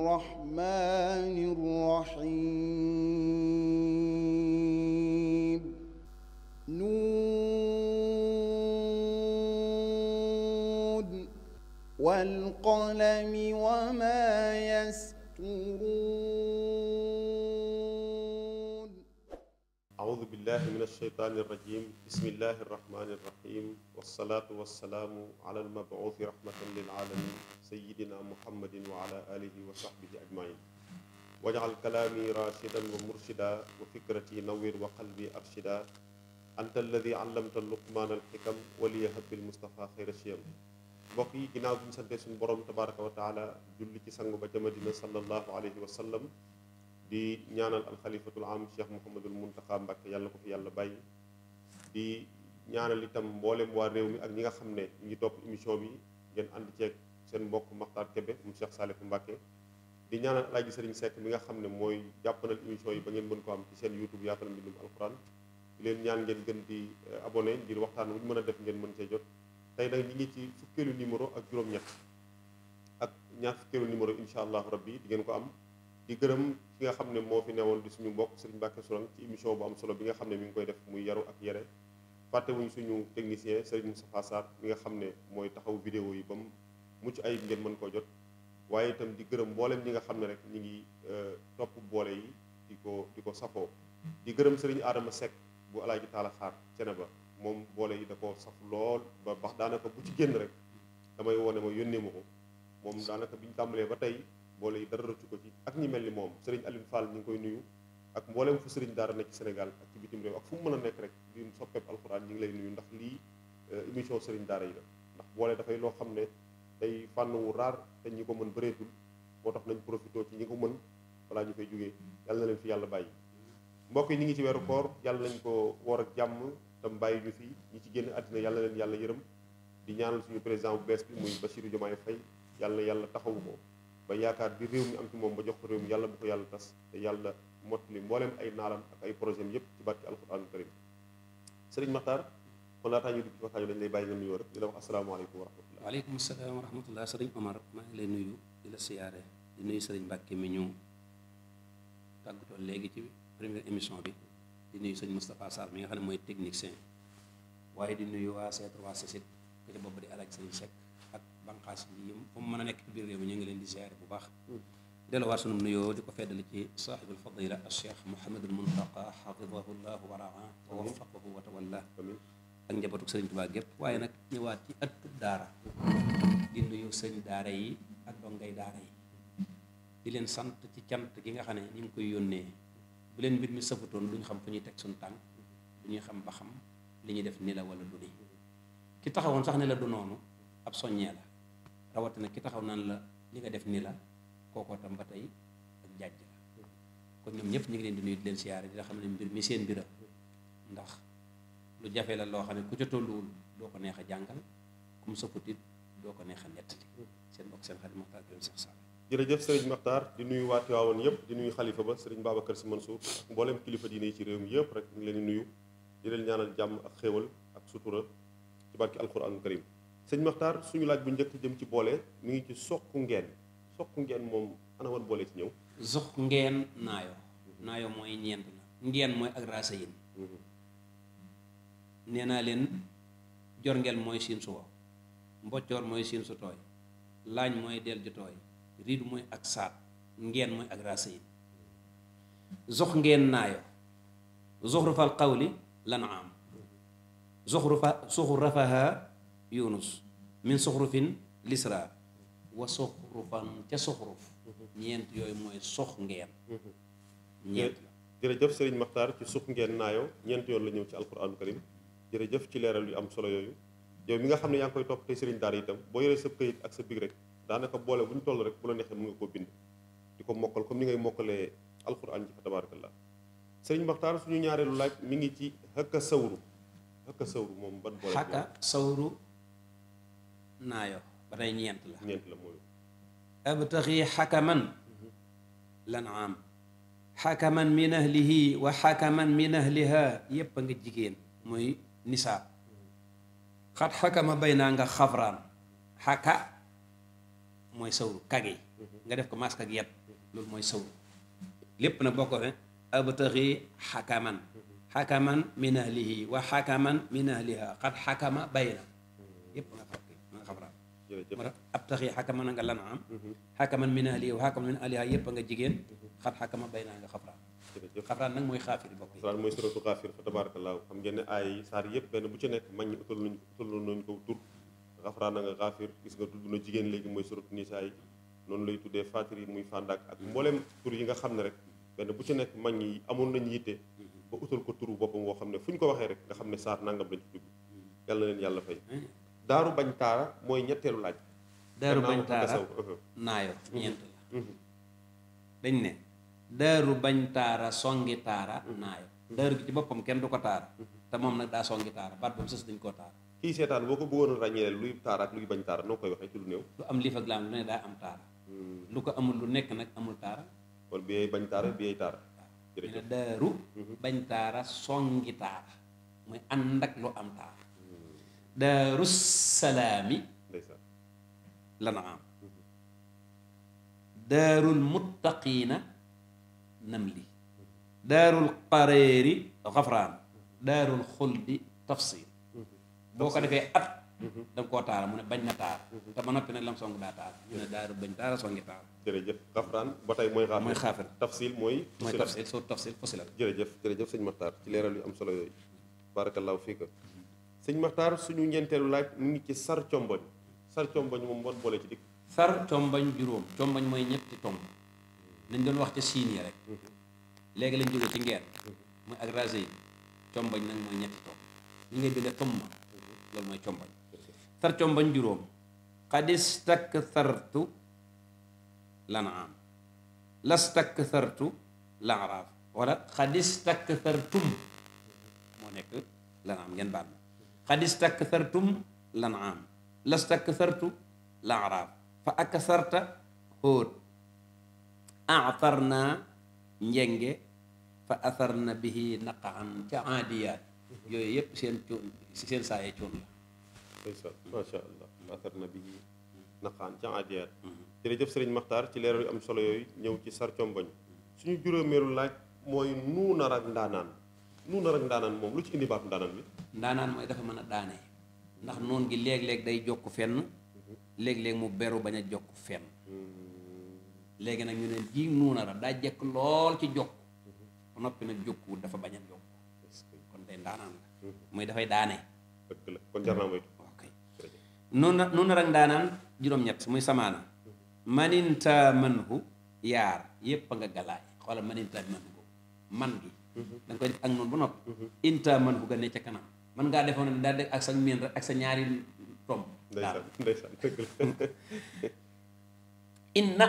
الرحمن الرحيم نون والقلم وما يسطرون أعوذ بالله من الشيطان الرجيم بسم الله الرحمن الرحيم والصلاة والسلام على المبعوث رحمة للعالمين sayidina muhammadin wa ala alihi wa sahbihi ajmain wajal kalaami rashidan wa murshida wa fikrati nawir wa qalbi arshida anta alladi allamta luqmaan alxikam mbokk yi ginnaaw bi suñu borom tabaraka wa taala julli ci sangu ba ca madina sallallahu alayhi wa sallam di ñaanal alxalifatul am cheikh mouhamadul muntaka mbàkke yàlla ko fi yàlla bàyyi di ñaanal itam mboolem waa réew mi ak ñi nga xam ne ñu ngi topp émission bi ngeen ànd ceeg seen mbokk Makhtar kebe mu Cheikh Salif Mbacké di ñaanal alaaji Sëriñ Seck mi nga xam ne mooy jàppanal émission yi ba ngeen mën ko am ci seen YouTube yaatal mbindum alquran di leen ñaan ngeen gën di eh, abone ngir waxtaan wuñu mën a def ngeen mën cee jot tey nag ñi ngi ci fukkeelu numéro ak juróom-ñett ak ñaar fukkeelu numéro incha allah rabbi di ngeen ko am di gërëm ki nga xam ne moo fi neewoon di suñu mbokk Sëriñ Mbacké Sourang ci émission bu am solo bi nga xam ne mi ngi koy def muy yaru ak yere fàttewuñu suñu technicien Sëriñ Moustapha Sarr mi nga xam ne mooy taxaw vidéo yi ba mu mucc ay ngeen mën koo jot waaye itam di gërëm mboolem ñi nga xam ne rek ñu ngi euh, topp boole yi di ko di ko safoo di gërëm sëriñ Adama Seck bu alaaji taala xaar cene ba moom mboole yi da ko saf lool ba bax daanaka bu ci génn rek damay wone ma yónnee ma ko moom daanaka bi ñu tàmbalee ba tey boole yi dara rëccu ko ci ak ñi mel ni moom sëriñ Alioune Fall ñu ngi koy nuyu ak mboolem fu sëriñ daara nekk ci Sénégal ak ci bitim réew ak fu mu mën a nekk rek di soppeeb alxuraan ñu ngi lay nuyu ndax lii euh, émission sëriñ daara yi la ndax boole dafay loo xam ne day fànn wu raar te ñi ko mën bëreetul moo tax nañ profité ci ñi ko mën balaa ñu fay jógee yàlla na leen fi yàlla bàyyi mbokk yi ñu ngi ci weeru koor yàlla nañ ko war a jàmm tam bàyyi ñu fi ñi ci génn àddina yàlla leen yàlla yërëm di ñaanal suñu président bu bees bi muy Bassirou Diomaye Faye yàlla yàlla taxawu ko ba yaakaar bi réew mi am ci moom ba jox ko réew mi yàlla bu ko yàlla tas te yàlla mott li mbooleem ay naalam ak ay projet yépp ci barke alquran karim Sëriñ Maxtaar kon laataa ñu dugg ci waxtaan dañ lay bàyyi nga nuyoo rek di la wax asalaamaaleykum wa rahmatulah. waaleykum salaam wa rahmatulah di la siyaare mi ñu tàggatoo léegi ci émission bi di nuyu sëñ Moustapha Sarr mi nga xam ne mooy technicien waaye di nuyu waa C3C sit ki ca bopp di alaaj sëriñ Seck ak banqaas mën nekk ci biir ñu ngi leen di siyaare bu baax. Hmm. delluwaat sunu nuyoo di ko feddali ci saaxibul fadila al cheikh Mouhamadul Muntaqa xafidahu llahu wa raa wa ak njabootu sëriñ Tuubaa gépp waaye nag ñëwaat ci ëttub daara di nuyu sëñ daara yi ak dongay daara yi di leen sant ci cant gi nga xam ne ñu ngi koy yónnee bu leen mbir mi safutoon ñu xam fu ñuy teg suñ tànk du ñuy xam ba xam li ñuy def ni la wala du ki taxawoon sax ni la du noonu ab soññee la rawatina ki taxaw naan la li nga def ni la tam ba tey ak jàjj la kon ñoom ñëpp ñu ngi leen di nuyu di leen siyaare di nga xam ne mbir mi seen mbira ndax lu jafe la loo xam ne ku ca tolluwul doo ko neex a jàngal ku mu sëpput doo ko neex a nettali seen mbokk seen xarit Maxtaar Joob Seex Sall jërëjëf sëriñ Maxtaar di nuyu waa Tiwaawan yëpp di nuyu xalifa ba sëriñ Babacar Sy Mansour ak mboolem kilifa diine yi ci réew mi yëpp rek leen di nuyu di leen ñaanal jàmm ak xéewal ak sutura ci barki alquranu karim sëñ Maxtaar suñu laaj bu njëkk jëm ci boole mu ngi ci soq ngeen soq ngeen moom ana woon boole ci ñëw soq ngeen naayo naayo mooy ñeent la ngeen mooy ak raasa nee naa leen ngeen mooy siin su wow mboccoor mooy siin su tooy laañ mooy del ju tooy riid mooy ak saat ngeen mooy ak rasayin zox ngeen naayo zuxrufal qawli lan am zuxrufa suxrafaha yunus min suxrufin lisra wa suxrufan ca suxruf ñeent yooyu mooy sox ngeen ñeent jërëjëf sëriñ maxtaar ci suux ngeen naayo ñeent yoon la ñëw ci alquraanu karim jërëjëf ci leeral yu am solo yooyu yow mi nga xam ne yaa ngi koy topp tey sëriñ daara itam boo yoree sa këyit ak sa big rek daanaka boole bu ñu toll rek bu la neexee mu nga koo bind di ko mokkal comme ni ngay mokkalee alxuraan ji fa tabaarakallah sëriñ Maxtaar suñu ñaareelu laaj mu ngi ci xëkka sawru xëkka sawru moom ban boole xëkka sawru naayo ba tey ñeent la ñeent la mooy abtaxi xakaman mhm. lan am xakaman min ahlihi wa xakaman min ahliha yépp a nga jigéen mooy nisaa xat xakama bay naa nga xabraan xaka mooy sawru kage nga def ko mask ak yet loolu mooy sawru lépp na boo ko fe abtaxi xakaman xakaman min ahlihi wa xakaman min ahliha xat xakama bay na yépp nga xam nga xabraan moo tax abtaxi mhm. xakaman nga lan am xakaman min ahlihi wa xakaman min ahliha yépp nga jigéen xat xakama bay naa nga xabraan xafraan nag mooy xaafir bokk xafraan mooy suratu xaafir fa tabaarakallaahu xam ngeen ne saar yëpp benn bu ci nekk mag ñi utal nañ utal nañ ko tur xafraan na nga gis nga tudd na jigéen léegi mooy suratu nisaa yi noonu lay tuddee fatir muy fàndaak ak mbooleem tur yi nga xam ne rek benn bu ci nekk mag ñi amoon nañ yitte ba utal ko turu boppam woo xam ne fu ko waxee rek nga xam ne saar nangam lañ ci tudd yàlla yàlla fay daaru bañ taara mooy ñetteelu laaj daaru bañ taara naayo ñeent la mhm. daaru bañ taara songi taara mhm. naayo daaru ci boppam kenn du ko taara mhm. te moom nag daa songi taara baat boobu sës dañ koo taara kii ko bëggoon a ràññee luy taara bañ taara am liif ak laam lu hmm. lu ko amul lu nekk nag amul taara kon bi yay mhm. bañ taara bi yay songi taara muy ànd ak lu am taara hmm. daaru salaami lana am daarul muttaqiina namli daarul qareeri xafraan daarul xuldi tafsir boo ko defee at da nga koo taara mu ne bañ na taar te ba noppi nag lam song daa taar mu ne daaru bañ taara songi taar jërëjëf xafraan ba tey mooy xaafir mooy xaafir tafsil mooy mooy tafsil soo tafsil fasilat jërëjëf jërëjëf sëñ Maxtaar ci leeral yu am solo yooyu barakallahu fiika sëñ Maxtaar suñu ñeenteelu laaj mu ngi ci sar comboñ sar comboñ moom bon boole ci dikk sar comboñ juróom comboñ mooy ñetti tomb nañ doon wax ca siin yi rek léegi lañ jóge ci ngeer mooy ak rase combañ nag mooy ñetti tomb ñu ngay binde tomb loolu mooy combañ tar combañ juróom xadis takk sartu lan am las takk sartu lan raaf wala xadis takk sartum moo nekk lan am ngeen baat ma xadis takk sartum lan am las takk sartu lan raaf fa ak sarta xóot atarna njenge fa atharna bihi naqaan ca aadiyaat yooyu yëpp seen cuun seen saaye cuun la masha allah atharna bihi naqaan ca aadiyaat jërëjëf sëriñ maxtaar ci leeral yu am solo yooyu ñëw ci sar comboñ suñu juróomeelu laaj mooy nuunar ak ndaanaan nuunar ak ndaanaan moom lu ci indi baatu ndaanaan dafa mën a daane ndax noon gi léeg-léeg day jokk fenn léeg-léeg mu beru bañ a jokk fenn léegi nag ñu ne ji nuunara daa jekk lool ci jokk ba noppi nag jokkuwul dafa bañ a jokk kon day ndaanaan la muy mhm. dafay daane dëgg la kon jar naa moytu nuuna nuunara ak ndaanaan juróom-ñett muy samaana mhm. maninta manhu yaar yépp a nga galaay xoolal maninta manhu boobu man gi mhm. da nga koy def ak noonu ba noppi inta manhu ga ne ca kanam man ngaa defoon ne daa def ak sa miin rek ak sa ñaari tomb daal inna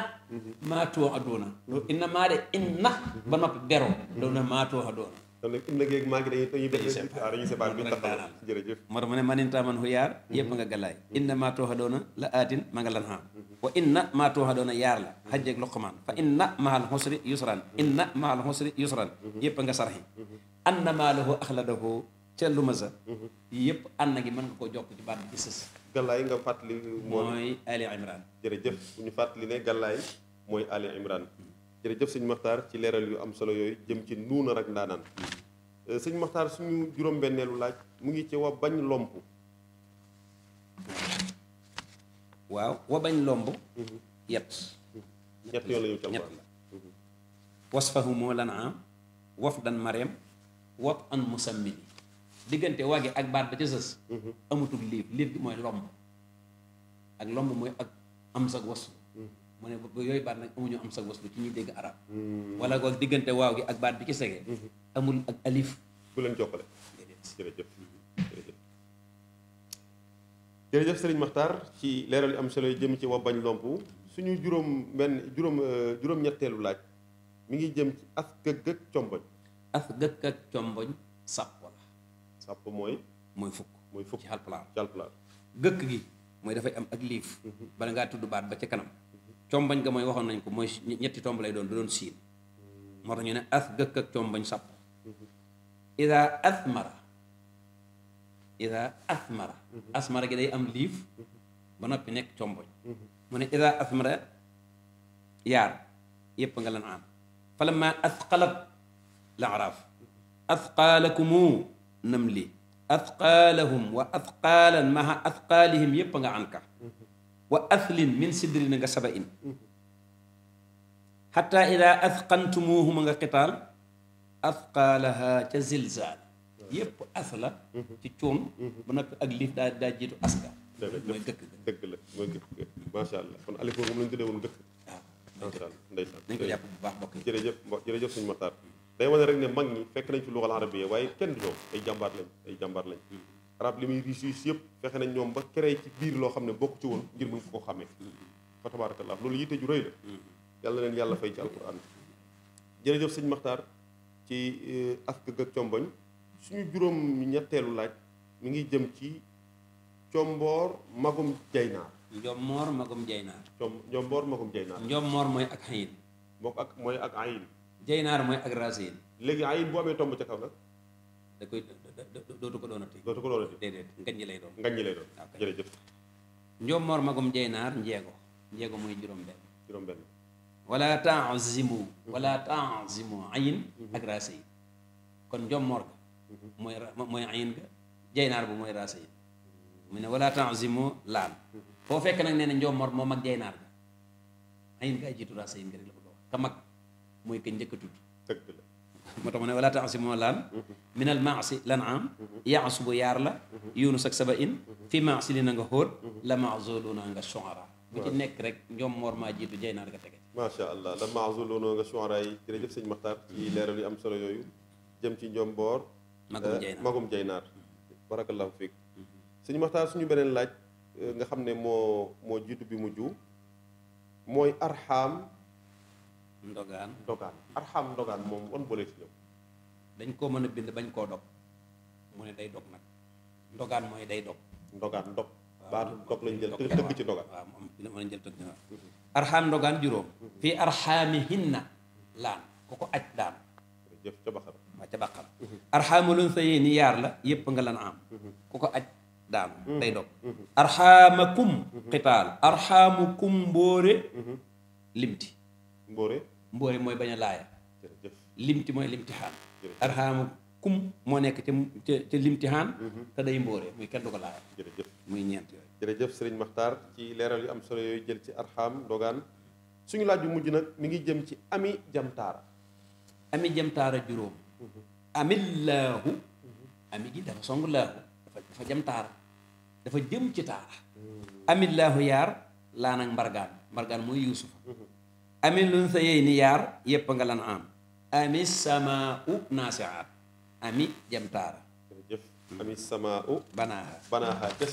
maa too a doona do inna maa de inna ba noppi beroo do na maa too a doona jërëjëf moo tax mu ne maninta man huyaar yëpp nga galaay mm-hmm. inna maa tooxa doona la aatin ma nga lan xaam mm-hmm. wa inna maa a doona yaar la xajjeeg loqamaan fa mm-hmm. inna maal xusri yusran inna maal xusri yusran yëpp nga sarxi anna maa lahu axladahu ca lumasa yëpp ànna gi mën nga koo jokk ci baat bi sës Galaay nga fàttali. mooy Ali Imran jërëjëf bu ñu fàttali ne Galaay mooy Ali Imran jërëjëf sëñ Maxtaar ci leeral yu am solo yooyu jëm ci nuuna ak ndaanaan euh, sëñ Maxtaar suñu juróom-benneelu laaj mu ngi ci wa bañ lomp. waaw wa bañ lomb. Mhm. yet ñett yoon la ñu waf dan mareem wap an musammini diggante wage ak baat ba ca sës mhm. amatul liif liif gi mooy lomb ak lomb mooy ak am sag waslu mhm. mu ne yooyu baat nag amuñu am sag waslu ci ñuy dégg arab mhm. wala ko diggante waaw gi ak baat bi ci sege amul ak alif bu leen jokkale jërëjëf jërëjëf sëriñ Maxtaar ci leeral yu am solo jëm ci wa bañ suñu juróom benn juróom euh, juróom-ñetteelu laaj mu ngi jëm ci as gëg ak comboñ as gëg ak comboñ sàpp sàpp mooy. mooy fukk mooy fukk ci gëkk gi mooy dafay am ak liif. Mhm. bala ngaa tudd baat ba ci kanam. Mhm. combañ ga mooy waxoon nañ ko mooy ñetti tomb lay doon du doon siin. Mm. moo tax ñu ne as gëkk ak combañ sàpp. Mhm. ida asmara. ida asmara. gi day am liif. ba noppi nekk comboñ mu ne ida asmara yaar yëpp nga lan am falamma asqalat la araaf asqaalakumu namli athqaalahum wa athqaalan maha athqaalihim yépp nga anka wa athlin min sidrin nga saba in xatta ida nga qitaal athqaalaha ca zilzaal yépp as la ci cuun bu daa daa la mooy dëkk macha allah kon alif moom lañ tuddee woon dëkk waaw ah, macha allah ndeysaan day wane rek ne mag ñi fekk nañ fi luxal arabiya waaye kenn du ñoom ay jàmbaar lañ ay jàmbaar lañ arab li muy riis yëpp fexe nañ ñoom ba créé ci biir loo xam ne bokk ci woon ngir mu ngi ko xamee fa tabarakallah loolu yitte ju rëy la yàlla leen yàlla fay ci alquran jërëjëf sëñ Maxtaar ci eh, askag ak comboñ suñu juróom ñetteelu laaj mi ngi jëm ci comboor magum jaynaar njomboor magum jaynaar njomboor magum jaynaar njomboor mooy ak ayin mook ak mooy ak ayin jaynaar mooy ak rasiin léegi ayin bu amee tomb ca kaw nag da koy dootu ko doonati dootu ko doonati déedéet ngañ ñi lay doon ngañ ñi lay doon jërëjëf njommoor magum jaynaar njeego njeego mooy juróom benn juróom benn wala taazimu wala taazimu ayin ak rasiin kon njommoor ga mooy mooy ayin ga jaynaar bu mooy rasiin mu ne wala taazimu laam foo fekk nag nee na njommoor moo mag jaynaar ga ayin ga ay jiitu rasiin ga rek la ko doon ka mag mooy kañ njëkk a tudd dëgg la moo tax mu ne wala taasi moo laan mm-hmm. minal maasi lan am mm-hmm. yaasu bu yaar la mm-hmm. yunus ak saba in fi maasi li na nga xóot la maazoluna nga soara bu ci nekk rek ñoom moor maa jiitu jaynaar nga tege macha allah la maazoluna nga soara yi am solo yooyu jëm ci ñoom boor magum eh, jaynaar magum jaynaar barakallahu fiik suñu beneen laaj eh, nga xam ne moo moo jiitu bi mujj mooy arxaam ndogaan ndogaan arxam ndogaan moom wan boole ci ñëw dañ koo mën a bind bañ koo dog mu ne day dog nag ndogaan mooy day dog ndogaan ndog baatu dog lañ jël tëgg ci ndogaan mën a jël tëgg arxaam ndogaan juróom mm-hmm. fii arxaami hinna laan ku ko aj daan mm-hmm. sa la yépp nga lan am mm-hmm. ko aj daan day dog arxaamakum xitaal arxaamukum mbóore limti mbóore mboori mooy bañ a laaya limti mooy limtihaan arxaamu kum moo nekk ca ca limtihaan mm-hmm. te day mbooree muy kenn du ko laaya muy ñeent yooyu jërëjëf sëriñ ci leeral yu am solo yooyu jël ci arxaam ndogaan suñu laaj bu mujj nag mi ngi jëm ci ami jamtaara ami jamtaara juróom mm-hmm. ami laahu mm-hmm. ami gi dafa song laahu dafa jam taara dafa jëm ci taara ami laahu yaar laa nag mbargaan mbargaan mooy yuusufa amin luñ sa yey ni yaar yépp nga lan am ami samaa u naasiaat ami jamtaara jërëjëf ami samaa u banaaha banaaha ca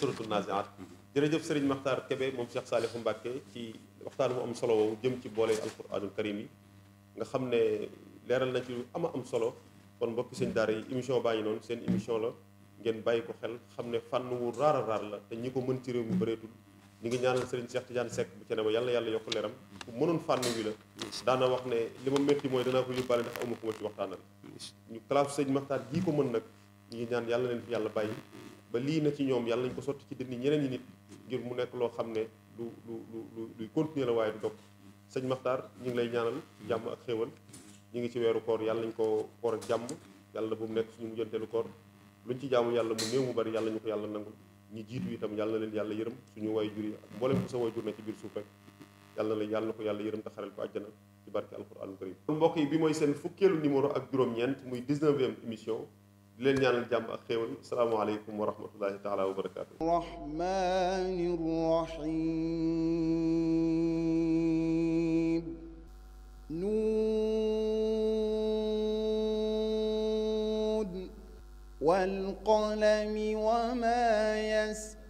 jërëjëf sëriñ maxtaar kebe moom Cheikh Saalihu Mbàkke ci waxtaan mu am solo woowu jëm ci boole alquraanul karim yi nga xam ne leeral na ci lu ama am solo kon mbokki seen daara yi émission baa ngi noonu seen émission la ngeen bàyyi ko xel xam ne fànn wu raar a raar la te ñi ko mën ci réew mu bëreetul ñu ngi ñaanal Serigne Cheikh Tidiane Seck bu ci ne ba yàlla yàlla yokk leeram ku mënoon fànn la daana wax ne li ma métti mooy danaa ko yóbbaale ndax amu ko waxtaanal ñu classe sëñ Maxtaar gii ko mën nag ñu ngi ñaan yàlla leen fi yàlla bàyyi ba lii na ci ñoom yàlla nañ ko sotti ci dënni ñeneen ñi nit ngir mu nekk loo xam ne du du du du continuer la waaye du dog sëñ Maxtaar ñu ngi lay ñaanal jàmm ak xéewal ñu ngi ci weeru koor yàlla nañ ko koor ak jàmm yàlla mu nekk suñu mujjanteelu koor luñ ci jaamu yàlla mu néew bari yàlla ñu ko yàlla nangul ñi jiitu itam yàlla na leen yàlla yërëm suñu way jur yi mboolem ko sa way jur na ci biir suuf rek yàlla na yàlla ko yàlla yërëm te xaral ko àjjana ci barke alquraanul karim kon bi mooy seen fukkeelu numéro ak juróom-ñeent muy 19e émission di leen ñaanal jàmm ak xéewal salaamaaleykum wa rahmatullahi taala wa barakaatu والقلم وما يسطرون